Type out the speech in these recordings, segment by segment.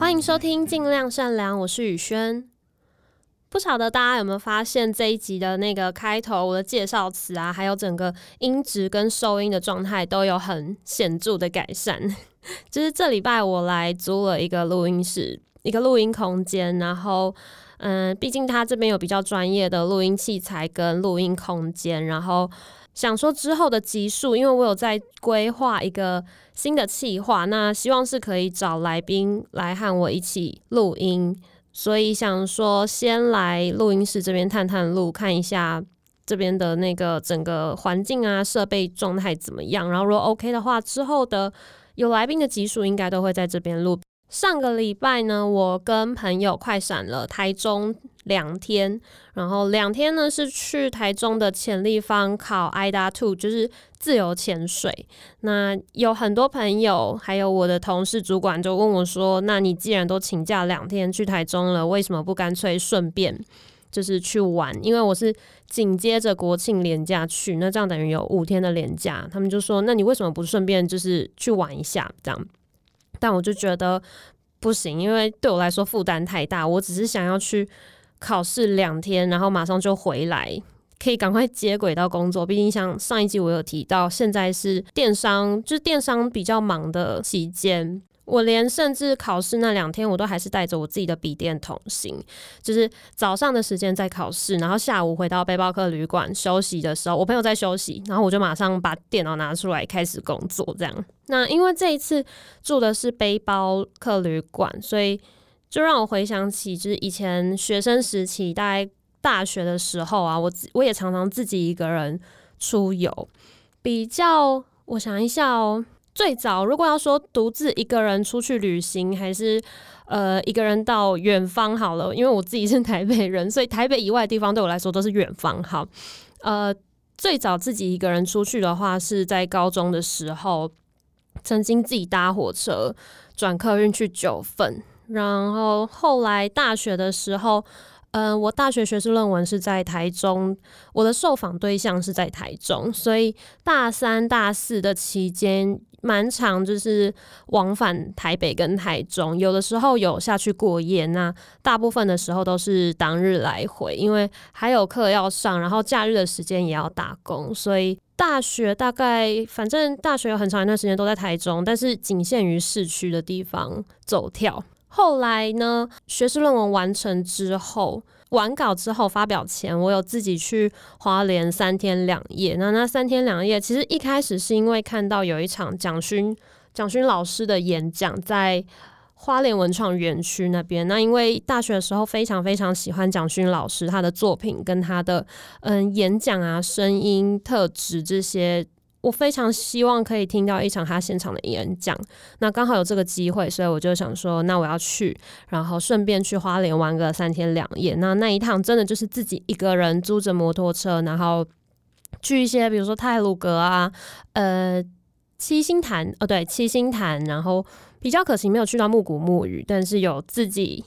歡迎收聽《盡量善良》，我是宇軒。不曉得大家有沒有發現，這一集的那個開頭我的介紹詞啊，還有整個音質跟收音的狀態都有很顯著的改善。就是這禮拜我來租了一個錄音室，一個錄音空間，然後。嗯，畢竟他這邊有比較專業的錄音器材跟錄音空間，然後想說之後的集數，因為我有在規劃一個新的計劃，那希望是可以找來賓來和我一起錄音，所以想說先來錄音室這邊探探路，看一下這邊的那個整個環境啊，設備狀態怎麼樣，然後如果 OK 的話，之後的有來賓的集數應該都會在這邊錄。上個禮拜呢，我跟朋友快閃了台中兩天，然後兩天呢是去台中的潛立方考 AIDA Two，就是自由潛水。那有很多朋友，還有我的同事主管就問我說：“那你既然都請假兩天去台中了，為什麼不乾脆順便就是去玩？因為我是緊接着國慶連假去，那這樣等於有五天的連假。他們就說：那你為什麼不順便就是去玩一下？這樣。”但我就覺得不行，因為對我來說負擔太大。我只是想要去考試兩天，然後馬上就回來，可以趕快接軌到工作。畢竟像上一集我有提到，現在是電商，就是電商比較忙的期間。我連甚至考試那兩天，我都還是帶着我自己的筆電同行。就是早上的時間在考試，然後下午回到背包客旅館休息的時候，我朋友在休息，然後我就馬上把電腦拿出來開始工作。這樣，那因為這一次住的是背包客旅館，所以就讓我回想起就是以前學生時期，大概大學的時候啊，我我也常常自己一個人出遊。比較，我想一下哦、喔。最早，如果要說獨自一個人出去旅行，還是呃一個人到遠方好了。因為我自己是台北人，所以台北以外的地方對我來說都是遠方。好，呃，最早自己一個人出去的話，是在高中的時候，曾經自己搭火車轉客運去九份。然後後來大學的時候，嗯、呃，我大學學士論文是在台中，我的受訪對象是在台中，所以大三、大四的期間。蠻常就是往返台北跟台中，有的時候有下去過夜，那大部分的時候都是當日來回，因為還有課要上，然後假日的時間也要打工，所以大學大概反正大學有很長一段時間都在台中，但是僅限於市區的地方走跳。後來呢，學士論文完成之後。完稿之後，發表前我有自己去花蓮三天兩夜。那那三天兩夜，其實一開始是因為看到有一場蔣勳蔣勳老師的演講在花蓮文創園區那邊。那因為大學的時候非常非常喜歡蔣勳老師他的作品跟他的嗯演講啊聲音特質這些。我非常希望可以聽到一場他現場的演講，那剛好有這個機會，所以我就想說，那我要去，然後順便去花蓮玩個三天兩夜。那那一趟真的就是自己一個人租着摩托車，然後去一些比如說太魯閣啊，呃，七星潭哦，對，七星潭。然後比較可惜沒有去到慕谷慕魚，但是有自己，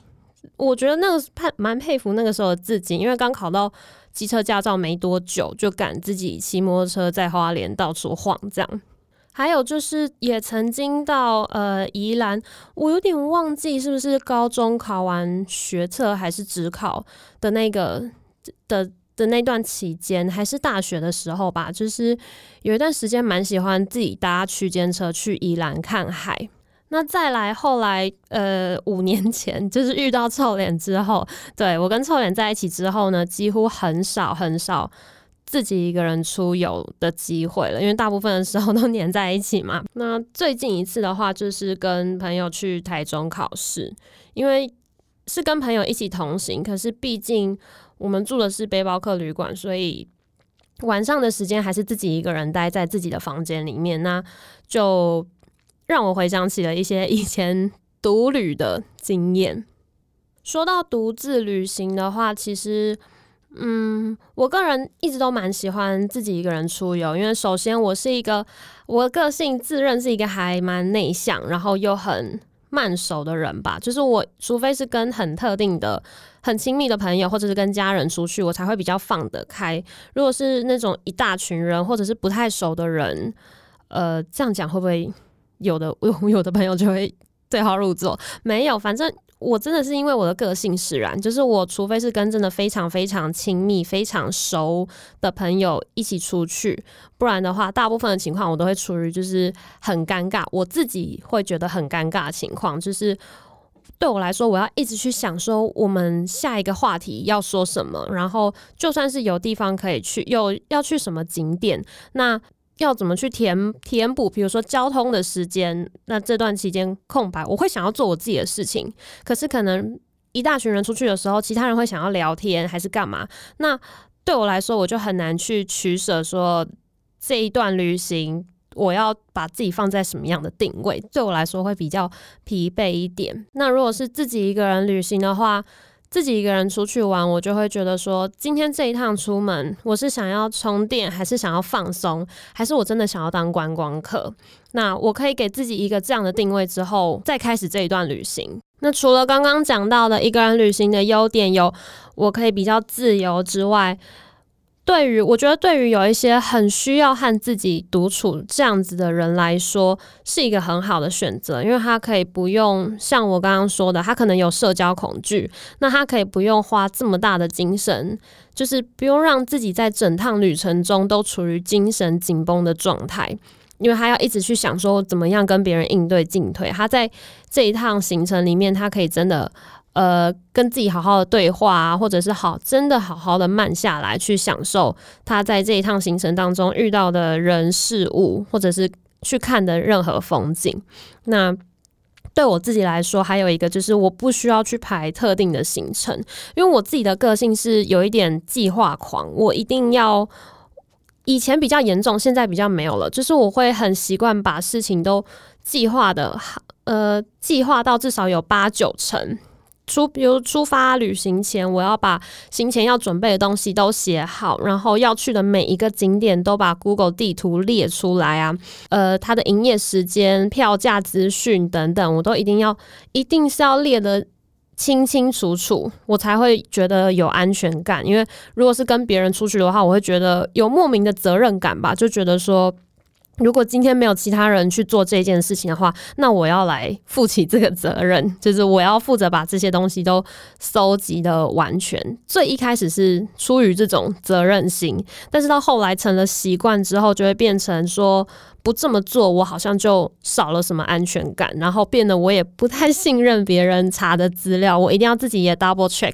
我覺得那個佩蠻佩服那個時候自己，因為剛考到。機車駕照沒多久就敢自己騎摩托車在花蓮到處晃，這樣。還有就是也曾經到呃宜蘭，我有點忘記是不是高中考完學測還是指考的那個的的那段期間，還是大學的時候吧，就是有一段時間蠻喜歡自己搭區間車去宜蘭看海。那再來，後來，呃，五年前就是遇到臭臉之後，對我跟臭臉在一起之後呢，幾乎很少很少自己一個人出遊的機會了，因為大部分的時候都黏在一起嘛。那最近一次的話，就是跟朋友去台中考試，因為是跟朋友一起同行，可是畢竟我們住的是背包客旅館，所以晚上的時間還是自己一個人待在自己的房間裡面，那就。讓我回想起了一些以前獨旅的經驗。說到獨自旅行的話，其實，嗯，我個人一直都蠻喜歡自己一個人出遊，因為首先我是一個我個性自認是一個還蠻內向，然後又很慢熟的人吧。就是我除非是跟很特定的、很親密的朋友或者是跟家人出去，我才會比較放得開。如果是那種一大群人，或者是不太熟的人，呃，這樣講會不會？有的我有的朋友就會對號入座，沒有，反正我真的是因為我的個性使然，就是我除非是跟真的非常非常親密、非常熟的朋友一起出去，不然的話，大部分的情況我都會處於就是很尷尬，我自己會覺得很尷尬的情況，就是對我來說，我要一直去想說我們下一個話題要說什麼，然後就算是有地方可以去，有要去什麼景點，那。要怎麼去填填補？比如說交通的時間，那這段期間空白，我會想要做我自己的事情。可是可能一大群人出去的時候，其他人會想要聊天還是幹嘛？那對我來說，我就很難去取捨說，說這一段旅行，我要把自己放在什麼樣的定位？對我來說會比較疲憊一點。那如果是自己一個人旅行的話，自己一個人出去玩，我就會覺得說，今天這一趟出門，我是想要充電，還是想要放鬆，還是我真的想要當觀光客？那我可以給自己一個這樣的定位之後，再開始這一段旅行。那除了剛剛講到的一個人旅行的優點有，我可以比較自由之外，對於，我覺得對於有一些很需要和自己獨處這樣子的人來說，是一個很好的選擇，因為他可以不用像我剛剛說的，他可能有社交恐懼，那他可以不用花這麼大的精神，就是不用讓自己在整趟旅程中都處於精神緊繃的狀態，因為他要一直去想說怎麼樣跟別人應對進退，他在這一趟行程裡面，他可以真的。呃，跟自己好好的對話啊，或者是好真的好好的慢下來，去享受他在這一趟行程當中遇到的人事物，或者是去看的任何風景。那對我自己來說，還有一個就是我不需要去排特定的行程，因為我自己的個性是有一點計劃狂，我一定要，以前比較嚴重，現在比較沒有了。就是我會很習慣把事情都計劃的，呃，計劃到至少有八九成。出，比如出發旅行前，我要把行前要準備的東西都寫好，然後要去的每一個景點都把 Google 地圖列出來啊，呃，它的營業時間、票價資訊等等，我都一定要，一定是要列得清清楚楚，我才會覺得有安全感。因為如果是跟別人出去的話，我會覺得有莫名的責任感吧，就覺得說。如果今天沒有其他人去做這件事情的話，那我要來負起這個責任，就是我要負責把這些東西都蒐集得完全。最一開始是出於這種責任心，但是到後來成了習慣之後，就會變成說不這麼做，我好像就少了什麼安全感，然後變得我也不太信任別人查的資料，我一定要自己也 double check。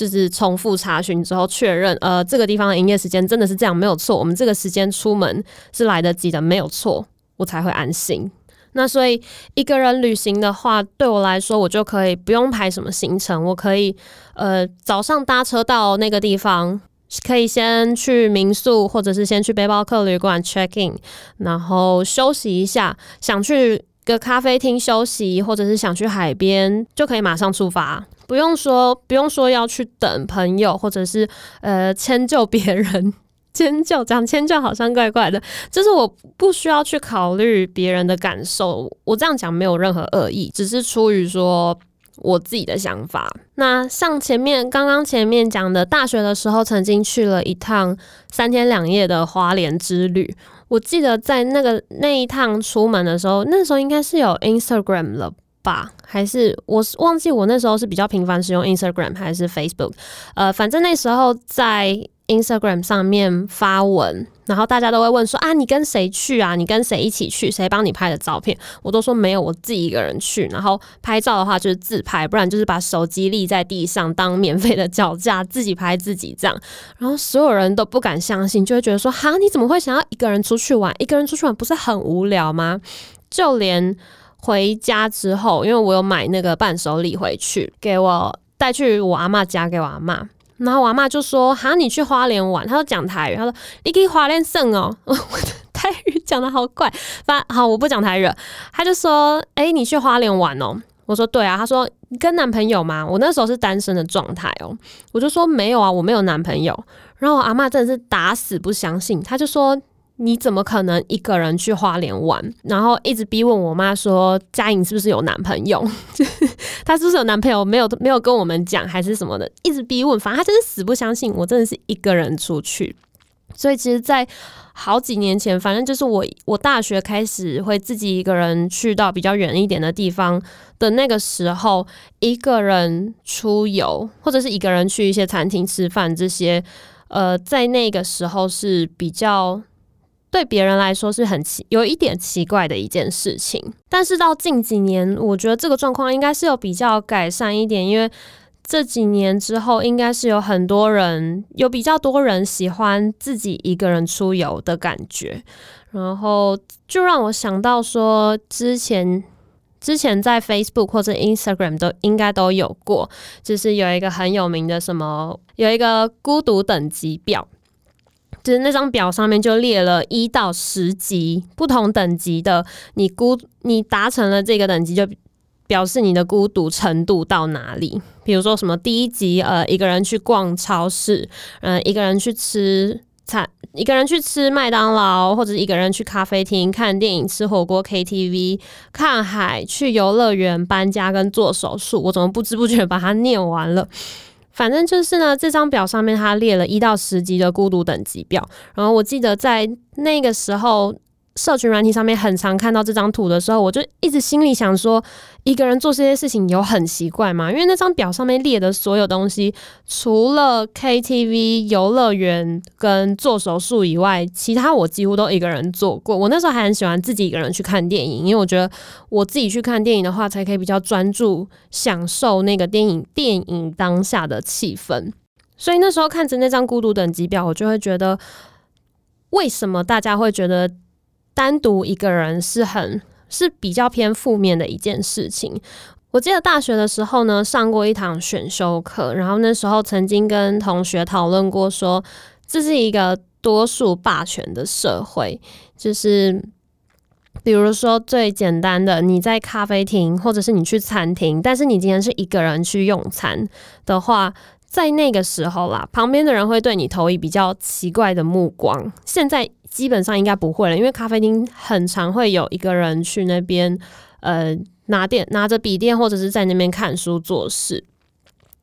就是重複查詢之後確認，呃，這個地方的營業時間真的是這樣沒有錯，我們這個時間出門是來得及的，沒有錯，我才會安心。那所以一個人旅行的話，對我來說，我就可以不用排什麼行程，我可以，呃，早上搭車到那個地方，可以先去民宿，或者是先去背包客旅館 check in，然後休息一下，想去。一個咖啡廳休息，或者是想去海邊，就可以馬上出發，不用說不用說要去等朋友，或者是呃遷就別人，遷就講遷就好像怪怪的，就是我不需要去考慮別人的感受，我這樣講沒有任何惡意，只是出於說我自己的想法。那像前面剛剛前面講的，大學的時候曾經去了一趟三天兩夜的花蓮之旅。我記得在那個那一趟出門的時候，那時候應該是有 Instagram 了吧？還是我忘記我那時候是比較頻繁使用 Instagram 還是 Facebook？呃，反正那時候在 Instagram 上面發文，然後大家都會問說啊，你跟誰去啊？你跟誰一起去？誰幫你拍的照片？我都說沒有，我自己一個人去。然後拍照的話就是自拍，不然就是把手機立在地上當免費的腳架，自己拍自己這樣。然後所有人都不敢相信，就會覺得說哈，你怎麼會想要一個人出去玩？一個人出去玩不是很無聊嗎？就連回家之後，因為我有買那個伴手禮回去，給我帶去我阿嬤家給我阿嬤。然後我阿媽就說：“哈，你去花蓮玩。”他說：“講台語。”她說：“你可以花蓮盛哦。”我的台語講的好怪。反正好，我不講台語了。她就說：“哎、欸，你去花蓮玩哦。”我說：“對啊。”她說：“跟男朋友嘛？”我那時候是單身的狀態哦。我就說：“沒有啊，我沒有男朋友。”然後我阿媽真的是打死不相信。她就說。你怎麼可能一個人去花蓮玩？然後一直逼問我媽說：“佳穎是不是有男朋友？她 是不是有男朋友？沒有沒有跟我們講還是什麼的？一直逼問，反正她真的死不相信我真的是一個人出去。所以其實，在好幾年前，反正就是我我大學開始會自己一個人去到比較遠一點的地方的那個時候，一個人出遊或者是一個人去一些餐廳吃飯這些，呃，在那個時候是比較。對別人來說是很奇，有一點奇怪的一件事情。但是到近幾年，我覺得這個狀況應該是有比較改善一點，因為這幾年之後，應該是有很多人，有比較多人喜歡自己一個人出遊的感覺。然後就讓我想到說，之前之前在 Facebook 或者 Instagram 都應該都有過，就是有一個很有名的什麼，有一個孤獨等級表。其實那張表上面就列了一到十級不同等級的，你孤你達成了這個等級，就表示你的孤獨程度到哪裡。比如說什麼第一級，呃，一個人去逛超市，嗯、呃，一個人去吃菜，一個人去吃麥當勞，或者一個人去咖啡廳看電影、吃火鍋、KTV、看海、去遊樂園、搬家跟做手術。我怎麼不知不覺把它念完了？反正就是呢，這張表上面它列了一到十級的孤獨等級表，然後我記得在那個時候社群軟體上面很常看到這張圖的時候，我就一直心裡想說，一個人做這些事情有很奇怪嗎？因為那張表上面列的所有東西，除了 KTV、遊樂園跟做手術以外，其他我幾乎都一個人做過。我那時候還很喜歡自己一個人去看電影，因為我覺得我自己去看電影的話，才可以比較專注享受那個電影電影當下的氣氛。所以那時候看着那張孤獨等級表，我就會覺得，為什麼大家會覺得？單獨一個人是很是比較偏負面的一件事情。我記得大學的時候呢，上過一堂選修課，然後那時候曾經跟同學討論過說，說這是一個多數霸權的社會。就是比如說最簡單的，你在咖啡廳或者是你去餐廳，但是你今天是一個人去用餐的話，在那個時候啦，旁邊的人會對你投以比較奇怪的目光。現在，基本上應該不會了，因為咖啡廳很常會有一個人去那邊，呃，拿電拿着筆電或者是在那邊看書做事。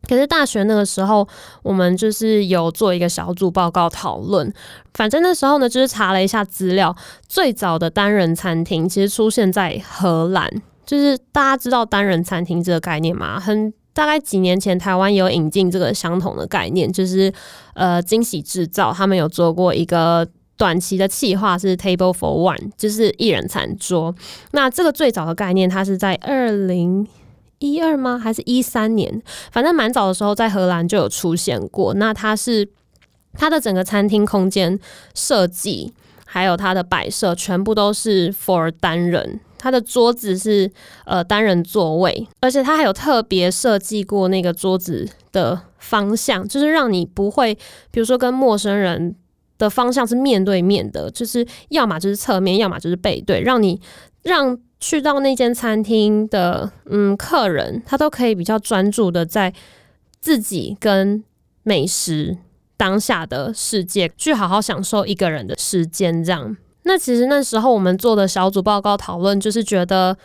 可是大學那個時候，我們就是有做一個小組報告討論。反正那時候呢，就是查了一下資料，最早的單人餐廳其實出現在荷蘭。就是大家知道單人餐廳這個概念嗎？很大概幾年前台灣也有引進這個相同的概念，就是呃驚喜製造他們有做過一個。短期的企劃是 Table for One，就是一人餐桌。那這個最早的概念，它是在二零一二嗎？還是一三年？反正蠻早的時候，在荷蘭就有出現過。那它是它的整個餐廳空間設計，還有它的擺設，全部都是 for 單人。它的桌子是呃單人座位，而且它還有特別設計過那個桌子的方向，就是讓你不會，比如說跟陌生人。的方向是面對面的，就是要麼就是側面，要麼就是背對，讓你讓去到那間餐廳的嗯客人，他都可以比較專注的在自己跟美食當下的世界去好好享受一個人的時間。這樣，那其實那時候我們做的小組報告討論，就是覺得。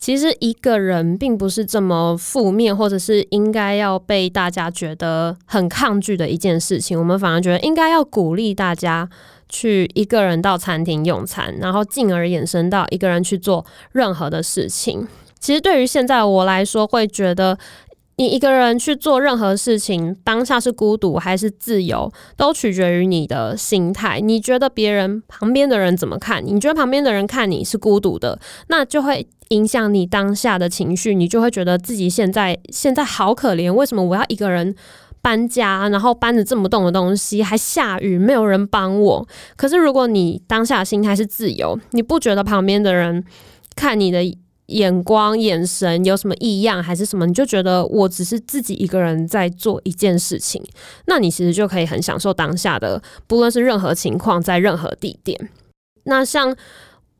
其實一個人並不是這麼負面，或者是應該要被大家覺得很抗拒的一件事情。我們反而覺得應該要鼓勵大家去一個人到餐廳用餐，然後進而衍生到一個人去做任何的事情。其實對於現在我來說，會覺得。你一個人去做任何事情，當下是孤獨還是自由，都取決於你的心態。你覺得別人旁邊的人怎麼看你？你覺得旁邊的人看你是孤獨的，那就會影響你當下的情緒，你就會覺得自己現在現在好可憐。為什麼我要一個人搬家，然後搬着這麼重的東西，還下雨，沒有人幫我？可是如果你當下心態是自由，你不覺得旁邊的人看你的。眼光、眼神有什麼異樣，還是什麼？你就覺得我只是自己一個人在做一件事情，那你其實就可以很享受當下的，不論是任何情況，在任何地點。那像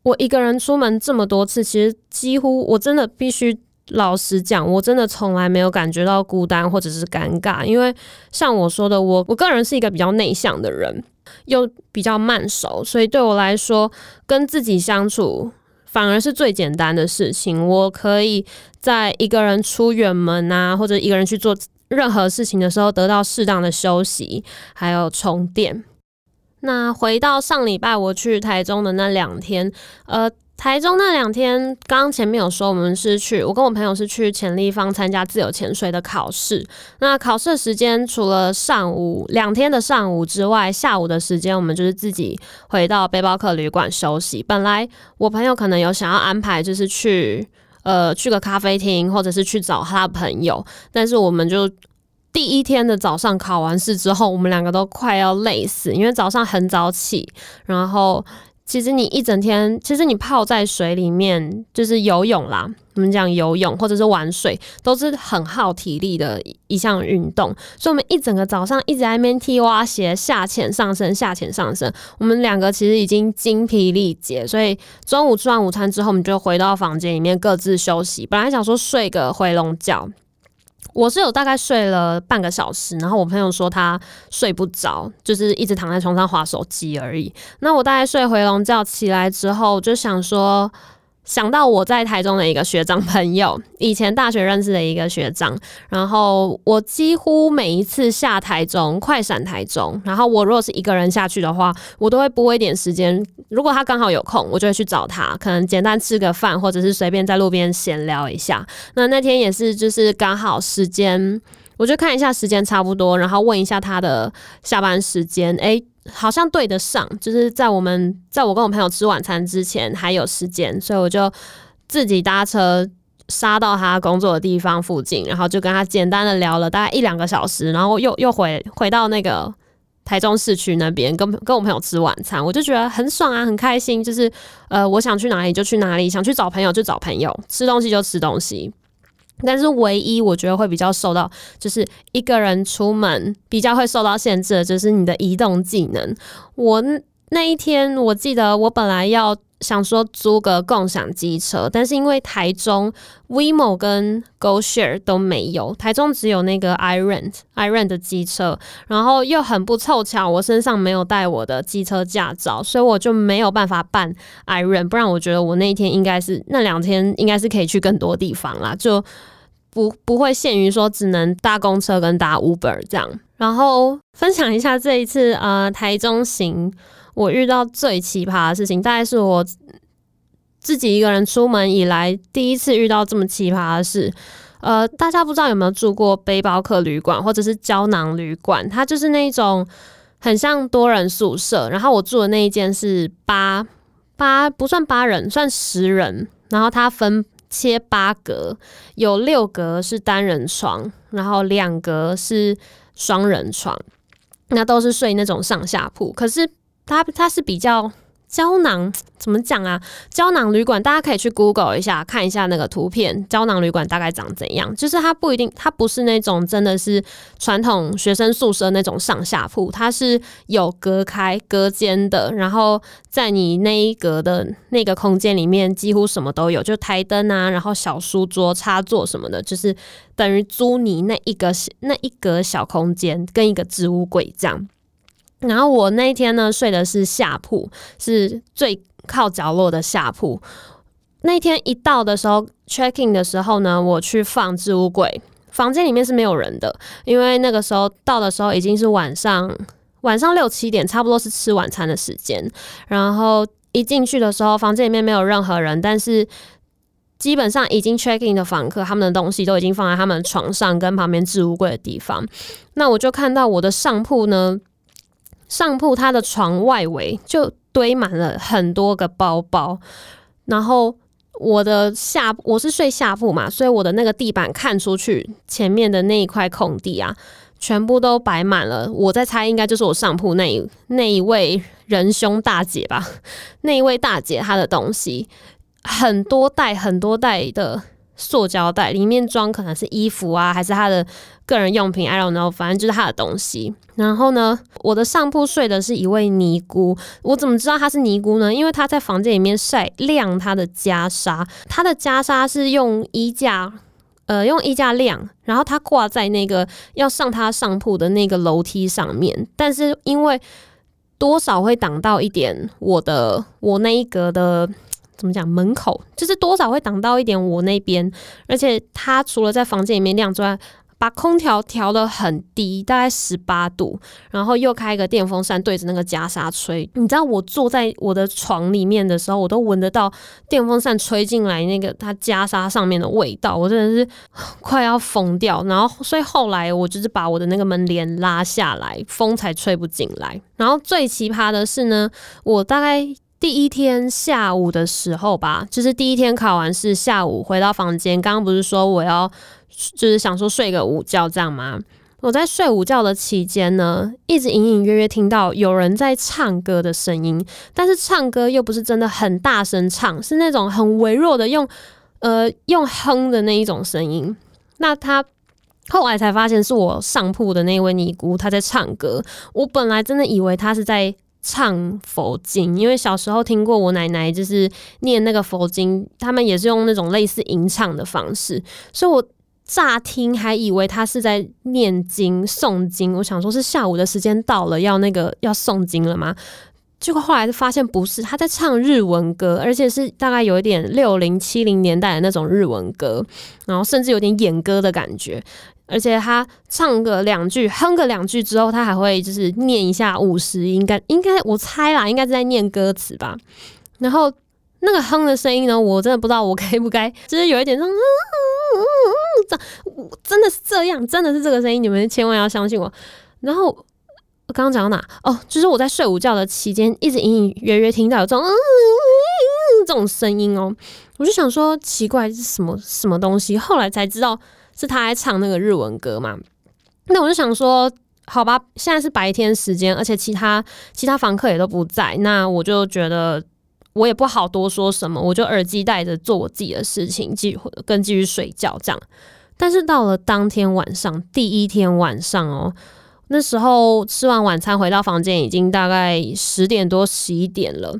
我一個人出門這麼多次，其實幾乎我真的必須老實講，我真的從來沒有感覺到孤單或者是尷尬，因為像我說的，我我個人是一個比較內向的人，又比較慢熟，所以對我來說，跟自己相處，反而是最簡單的事情，我可以在一個人出遠門啊，或者一個人去做任何事情的時候，得到適當的休息，還有充電。那回到上禮拜我去台中的那兩天，呃，台中那兩天，剛剛前面有說，我們是去我跟我朋友是去潛立方參加自由潛水的考試。那考試的時間除了上午兩天的上午之外，下午的時間我們就是自己回到背包客旅館休息。本來我朋友可能有想要安排，就是去呃去個咖啡廳，或者是去找他的朋友，但是我們就第一天的早上考完試之後，我們兩個都快要累死，因為早上很早起，然後。其實你一整天，其實你泡在水裡面就是游泳啦，我們講游泳或者是玩水，都是很耗體力的一項運動。所以我們一整個早上一直在那邊踢蛙鞋、下潛、上升、下潛、上升，我們兩個其實已經精疲力竭。所以中午吃完午餐之後，我們就回到房間裡面各自休息。本來想說睡個回籠覺。我是有大概睡了半個小時，然後我朋友說他睡不着，就是一直躺在床上滑手機而已。那我大概睡回籠覺起來之後，我就想說。想到我在台中的一個學長朋友，以前大學認識的一個學長，然後我幾乎每一次下台中、快閃台中，然後我如果是一個人下去的話，我都會撥一點時間。如果他剛好有空，我就會去找他，可能簡單吃個飯，或者是隨便在路邊閒聊一下。那那天也是，就是剛好時間，我就看一下時間差不多，然後問一下他的下班時間。誒、欸。好像對得上，就是在我們在我跟我朋友吃晚餐之前還有時間，所以我就自己搭車殺到他工作的地方附近，然後就跟他簡單的聊了大概一兩個小時，然後又又回回到那個台中市區那邊跟跟我朋友吃晚餐。我就覺得很爽啊，很開心，就是呃我想去哪裡就去哪裡，想去找朋友就找朋友，吃東西就吃東西。但是唯一我覺得會比較受到，就是一個人出門比較會受到限制的，就是你的移動技能。我。那一天，我記得我本來要想說租個共享機車，但是因為台中 WeMo 跟 Go Share 都沒有，台中只有那個 iRent iRent 的機車，然後又很不湊巧，我身上沒有帶我的機車駕照，所以我就沒有辦法辦 iRent。不然我覺得我那一天應該是那兩天應該是可以去更多地方啦，就不不會限於說只能搭公車跟搭 Uber 這樣。然後分享一下這一次呃台中行。我遇到最奇葩的事情，大概是我自己一個人出門以來第一次遇到這麼奇葩的事。呃，大家不知道有沒有住過背包客旅館或者是膠囊旅館？它就是那種很像多人宿舍。然後我住的那一間是八八，不算八人，算十人。然後它分切八格，有六格是單人床，然後兩格是雙人床。那都是睡那種上下鋪，可是。它它是比較膠囊，怎麼講啊？膠囊旅館，大家可以去 Google 一下，看一下那個圖片，膠囊旅館大概長怎樣。就是它不一定，它不是那種真的是傳統學生宿舍那種上下鋪，它是有隔開隔間的，然後在你那一格的那個空間裡面，幾乎什麼都有，就台燈啊，然後小書桌、插座什麼的，就是等於租你那一格小那一格小空間，跟一個置物櫃這樣。然後我那一天呢，睡的是下鋪，是最靠角落的下鋪。那天一到的時候，check in 的時候呢，我去放置物櫃。房間裡面是沒有人的，因為那個時候到的時候已經是晚上，晚上六七點，差不多是吃晚餐的時間。然後一進去的時候，房間裡面沒有任何人，但是基本上已經 check in 的房客，他們的東西都已經放在他們床上跟旁邊置物櫃的地方。那我就看到我的上鋪呢。上鋪他的床外圍就堆滿了很多個包包，然後我的下，我是睡下鋪嘛，所以我的那個地板看出去前面的那一塊空地啊，全部都擺滿了。我在猜，應該就是我上鋪那一那一位仁兄大姐吧，那一位大姐她的東西很多袋很多袋的，塑膠袋裡面裝可能是衣服啊，還是他的個人用品，I don't know，反正就是他的東西。然後呢，我的上鋪睡的是一位尼姑，我怎麼知道她是尼姑呢？因為她在房間裡面曬晾她的袈裟，她的袈裟是用衣架，呃，用衣架晾，然後她掛在那個要上她上鋪的那個樓梯上面，但是因為多少會擋到一點我的我那一格的。怎麼講？門口就是多少會擋到一點我那邊，而且他除了在房間裡面亮之外，把空調調的很低，大概十八度，然後又開一個電風扇對着那個袈裟吹。你知道我坐在我的床裡面的時候，我都聞得到電風扇吹進來那個他袈裟上面的味道，我真的是快要瘋掉。然後所以後來我就是把我的那個門簾拉下來，風才吹不進來。然後最奇葩的是呢，我大概。第一天下午的時候吧，就是第一天考完試，下午回到房間，剛剛不是說我要，就是想說睡個午覺，這樣嗎？我在睡午覺的期間呢，一直隱隱約約聽到有人在唱歌的聲音，但是唱歌又不是真的很大聲唱，是那種很微弱的用，呃，用哼的那一種聲音。那他後來才發現是我上鋪的那位尼姑她在唱歌，我本來真的以為她是在。唱佛經，因為小時候聽過我奶奶就是念那個佛經，他們也是用那種類似吟唱的方式，所以我乍聽還以為他是在念經誦經，我想說是下午的時間到了要那個要誦經了嗎？結果後來就發現不是，他在唱日文歌，而且是大概有一點六零七零年代的那種日文歌，然後甚至有點演歌的感覺。而且他唱個兩句，哼個兩句之後，他還會就是念一下五十，應該應該我猜啦，應該是在念歌詞吧。然後那個哼的聲音呢，我真的不知道我該不該，就是有一點像嗯，嗯，嗯，嗯。這真的是這樣，真的是這個聲音，你們千萬要相信我。然後我剛剛講到哪？哦，就是我在睡午覺的期間，一直隱隱約約聽到有這種嗯，嗯，嗯這種聲音哦，我就想說奇怪是什麼什麼東西，後來才知道。是他還唱那個日文歌嘛。那我就想說，好吧，現在是白天時間，而且其他其他房客也都不在，那我就覺得我也不好多說什麼，我就耳機戴着，做我自己的事情，繼續跟繼續睡覺這樣。但是到了當天晚上，第一天晚上哦、喔，那時候吃完晚餐回到房間，已經大概十點多、十一點了。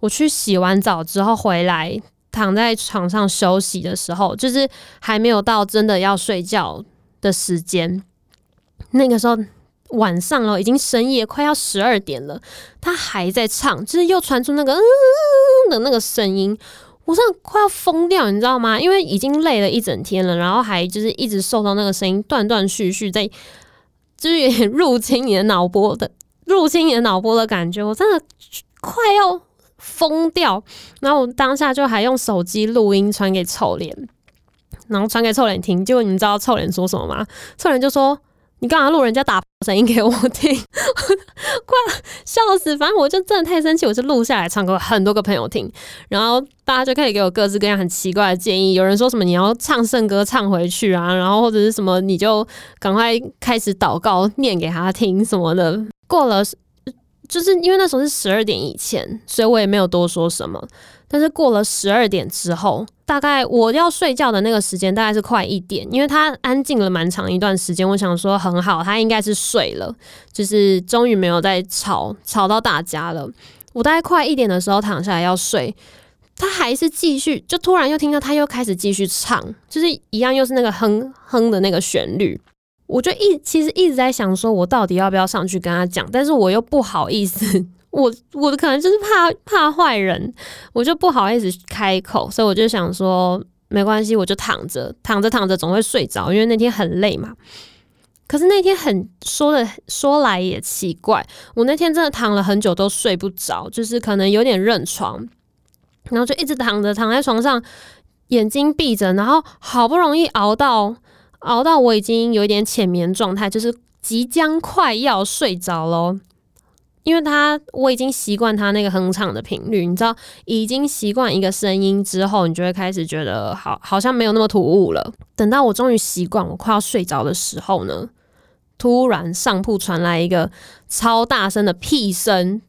我去洗完澡之後回來。躺在床上休息的時候，就是還沒有到真的要睡覺的時間。那個時候晚上了，已經深夜，快要十二點了，他還在唱，就是又傳出那個“嗯”的那個聲音，我真的快要瘋掉，你知道嗎？因為已經累了一整天了，然後還就是一直受到那個聲音斷斷續續在，就是入侵你的腦波的，入侵你的腦波的感覺，我真的快要。瘋掉，然後我當下就還用手機錄音傳給臭臉，然後傳給臭臉聽。結果你知道臭臉說什麼嗎？臭臉就說：“你幹嘛錄人家打聲音給我聽？”，快， 笑死！反正我就真的太生氣，我是錄下來唱歌，很多個朋友聽，然後大家就開始給我各式各樣很奇怪的建議。有人說什麼你要唱聖歌唱回去啊，然後或者是什麼你就趕快開始禱告念給他聽什麼的。過了。就是因為那時候是十二點以前，所以我也沒有多說什麼。但是過了十二點之後，大概我要睡覺的那個時間大概是快一點，因為他安靜了蠻長一段時間。我想說很好，他應該是睡了，就是終於沒有再吵吵到大家了。我大概快一點的時候躺下來要睡，他還是繼續，就突然又聽到他又開始繼續唱，就是一樣又是那個哼哼的那個旋律。我就一其實一直在想說，我到底要不要上去跟他講，但是我又不好意思，我我的可能就是怕怕壞人，我就不好意思開口，所以我就想說沒關係，我就躺着躺着躺着總會睡着，因為那天很累嘛。可是那天很說的說來也奇怪，我那天真的躺了很久都睡不着，就是可能有點認床，然後就一直躺着躺在床上，眼睛閉着，然後好不容易熬到。熬到我已經有一點淺眠狀態，就是即將快要睡着咯，因為他，我已經習慣他那個哼唱的頻率，你知道，已經習慣一個聲音之後，你就會開始覺得好，好像沒有那麼突兀了。等到我終於習慣，我快要睡着的時候呢，突然上鋪傳來一個超大聲的屁聲，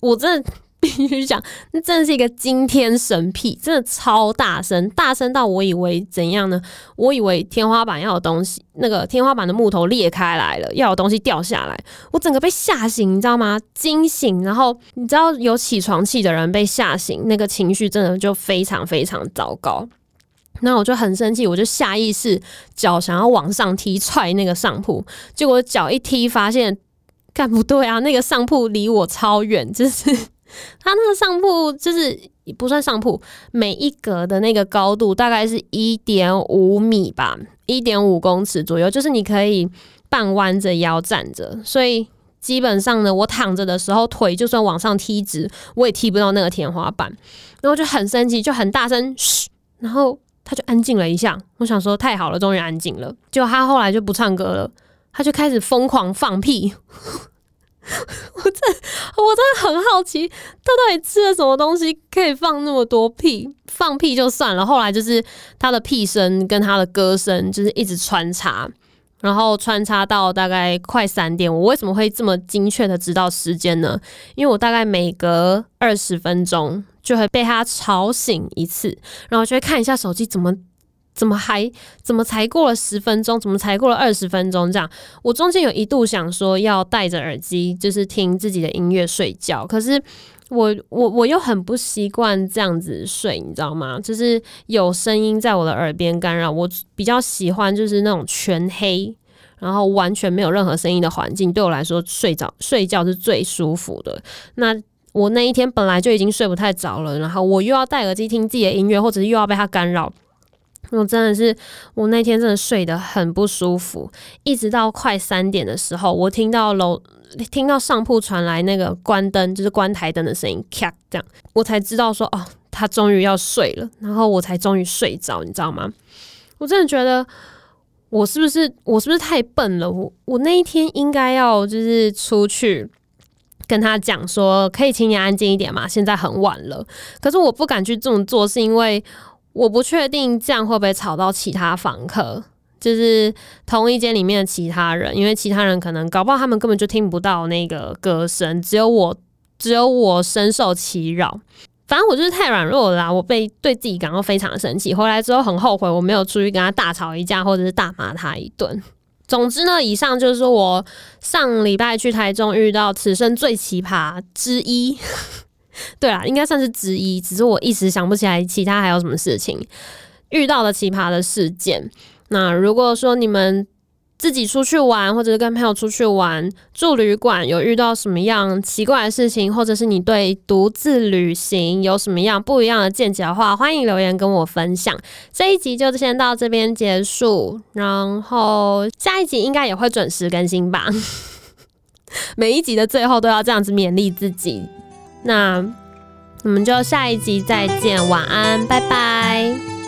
我真的。 你去講，那真的是一個驚天神屁，真的超大聲，大聲到我以為怎樣呢？我以為天花板要有東西，那個天花板的木頭裂開來了，要有東西掉下來，我整個被嚇醒，你知道嗎？驚醒，然後你知道有起床氣的人被嚇醒，那個情緒真的就非常非常糟糕。那我就很生氣，我就下意識腳想要往上踢踹那個上鋪，結果腳一踢發現，幹不對啊，那個上鋪離我超遠，真是。它那個上鋪就是不算上鋪，每一格的那個高度大概是一點五米吧，一點五公尺左右，就是你可以半彎着腰站着。所以基本上呢，我躺着的時候，腿就算往上踢直，我也踢不到那個天花板。然後就很生氣，就很大聲噓，然後他就安靜了一下。我想說太好了，終於安靜了。就他後來就不唱歌了，他就開始瘋狂放屁。 我真的，我真的很好奇，他到底吃了什麼東西可以放那麼多屁？放屁就算了，後來就是他的屁聲跟他的歌聲就是一直穿插，然後穿插到大概快三點。我為什麼會這麼精確的知道時間呢？因為我大概每隔二十分鐘就會被他吵醒一次，然後就會看一下手機怎麼。怎麼還？怎麼才過了十分鐘？怎麼才過了二十分鐘？這樣，我中間有一度想說要戴着耳機，就是聽自己的音樂睡覺。可是我我我又很不習慣這樣子睡，你知道嗎？就是有聲音在我的耳邊干擾。我比較喜歡就是那種全黑，然後完全沒有任何聲音的環境，對我來說睡着睡覺是最舒服的。那我那一天本來就已經睡不太着了，然後我又要戴耳機聽自己的音樂，或者是又要被它干擾。我真的是，我那天真的睡得很不舒服，一直到快三點的時候，我聽到樓聽到上鋪傳來那個關燈，就是關台燈的聲音，咔，這樣我才知道說，哦，他終於要睡了，然後我才終於睡着，你知道嗎？我真的覺得我是不是我是不是太笨了？我我那一天應該要就是出去跟他講說，可以請你安靜一點嘛，現在很晚了，可是我不敢去這麼做，是因為。我不確定這樣會不會吵到其他房客，就是同一間裡面的其他人，因為其他人可能搞不好他們根本就聽不到那個歌聲，只有我，只有我深受其擾。反正我就是太軟弱了啦，我被對自己感到非常生氣。回來之後很後悔，我沒有出去跟他大吵一架，或者是大罵他一頓。總之呢，以上就是我上禮拜去台中遇到此生最奇葩之一。對啊，應該算是之一，只是我一時想不起來其他還有什麼事情遇到了奇葩的事件。那如果說你們自己出去玩，或者是跟朋友出去玩，住旅館有遇到什麼樣奇怪的事情，或者是你對獨自旅行有什麼樣不一樣的見解的話，歡迎留言跟我分享。這一集就先到這邊結束，然後下一集應該也會準時更新吧。 每一集的最後都要這樣子勉勵自己。那我們就下一集再見，晚安，拜拜。